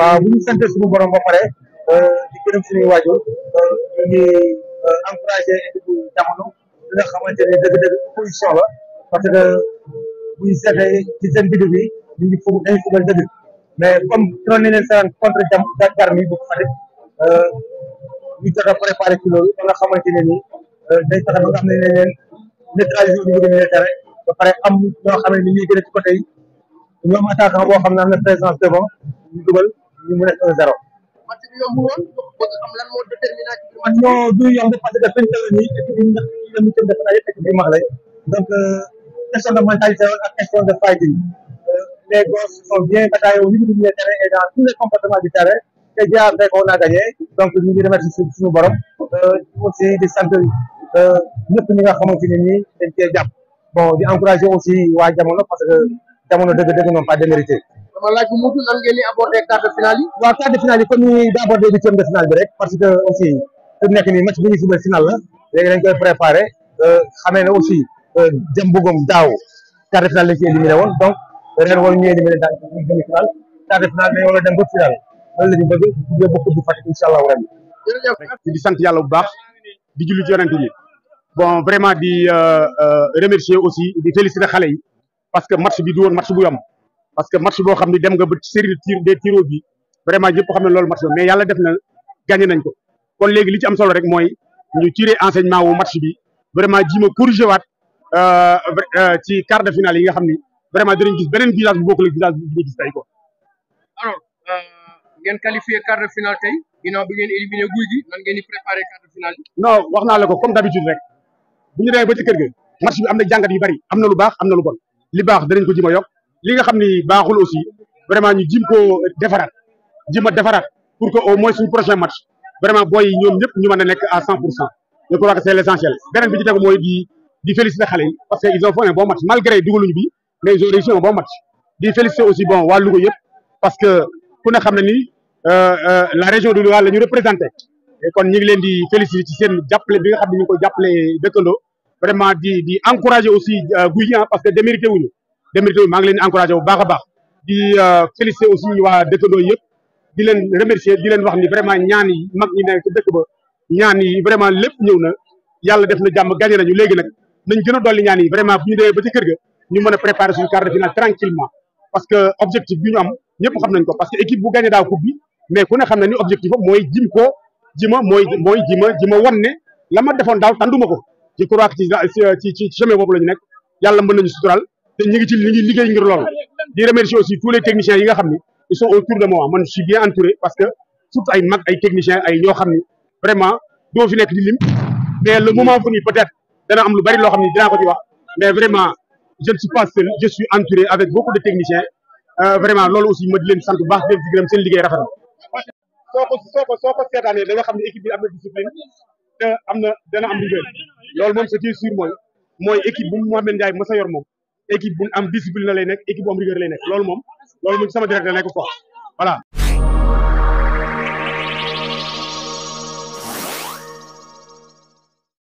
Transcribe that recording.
waaw bu ñu sant suñu borom ba pare euh, di gërëm suñuy waajur euh, ñu ngi euh, encouragé équipe bu jamono xamante ne dëgg-dëgg opposition la parce que bu ñu seetee ci seen bidon bi ñu ngi fukk dañuy fugal dëgg mais comme tron nañ leen seen contre jam gàddaar mi bu Fatick ñu jot a préparé ci loolu ba nga xamante ne nii day tax ba nga xam ne dañ leen neutralisé au niveau de militaire ba pare am ñoo xam ne ni ñuy gën a côté yi ñoom boo xam ne am na bi mu nekk un zéro. match bi yomb woon parce que fin la nii équipe yi ndax ñu dem ci dafa ay équipe yu mag lañ donc euh, question de mentalité ak question de fighting euh, les gosses sont bien bataillés au niveau du milieu terrain et dans tous les comportements terrain te jaar rek on a gagné donc ñu ngi remercier suñu suñu borom euh, aussi di sant ñëpp ñi nga xamante ne nii dañ cee jàpp bon di encourager aussi waa jamono parce que jamono dëgg-dëgg non pas démérité. dama laaj bu mujj nan ngeen di aborder quart de finale yi. waaw quart de finale yi comme de finale bi rek parce que aussi fi nekk ni match bi ñuy football final la léegi dañ koy préparer euh, xamee na aussi euh, jëm bëggum daaw quart de finale lañ ci éliminé woon donc ren war ñu éliminé daal ci demi finale quart de finale dañu war a dem ba final loolu la ñu bëgg yóbbu coupe du di sant yàlla bu baax di julli ci yonent bon vraiment di euh, remercier aussi di féliciter xale yi parce que match bi du woon match bu yomb. parce que match boo xam ne dem nga ba série des tirs bi vraiment ñëpp xam ne loolu match mais yàlla def na nañ ko kon léegi li ci am solo rek mooy ñu tiré enseignement wu match bi vraiment ji ma corrigé waat euh, euh, ci quart de finale yi nga xam ni vraiment dinañ gis beneen euh, bi ngeen éliminé guy gi nan ngeen di préparé quart wax naa la ko comme d'habitude rek bu ñu demee ba ci kër ga match bi am na jàngat yu bari am na lu baax am na lu bon li baax danañ ko ji yokk. li nga xam ni baaxul aussi vraiment ñu jim ko defaraat jim a defaraat pour que au moins suñu prochain match vraiment booy yi ñoom ñëpp ñu mën a nekk à cent pour cent je crois que c'est l'essentiel beneen bi ci tegu mooy di di féliciter xale yi parce que ils ont fait un bon match malgré dugaluñu bi mais ils ont réussi un match di féliciter aussi bon waa Louga yëpp parce que ku ne xam ne ni euh, euh, la région de Louga la ñu représenté kon ñu ngi leen di féliciter ci seen jàppale bi nga xam ne ñu jàppale dëkkandoo di di encourager aussi euh, Gouye parce que démérité wuñu Demba Touré maa ngi leen encouragé bu baax a baax di euh, félicité aussi waa dëkkandoo yëpp di leen remercier di leen wax ni vraiment ñaan yi mag ñi nekk ci dëkk ba ñaan yi vraiment lépp ñëw na yàlla def na jàmm gagné nañu léegi nag nañ gën a dolli ñaan yi vraiment bu ñu demee ba ci kër ga ñu mën a préparer suñu quart de finale tranquillement parce que objectif bi ñu am ñëpp xam nañ ko parce que équipe bu gagné daaw coupe bi mais ku ne xam na ni objectif am mooy jim ko jima mooy mooy jima jima wan ne la ma defoon daaw tànduma ko je crois ci ci ci la ñu nekk yàlla mën nañu sutural te ngi ci liggéey ngir loolu di remercier aussi tous les techniciens yi nga xam ni ils sont autour de moi man je suis bien entouré parce que surtout ay mag ay techniciens ay ñoo xam ni vraiment doo fi nekk di lim mais le moment venu peut-être dana am lu bari loo xam ni dinaa ko wax mais vraiment je ne suis pas seul je suis entouré avec beaucoup de euh, aussi leen sant baax di leen gërëm seen liggéey rafet na. soo da nga xam ne équipe bi am na mooy mooy équipe bu Mouhamed Ndiaye mës a yor moom. équipe bu am discipline la lay nekk équipe bu rigueur lay nekk loolu moom loolu moom sama directeur la nekk quoi voilà.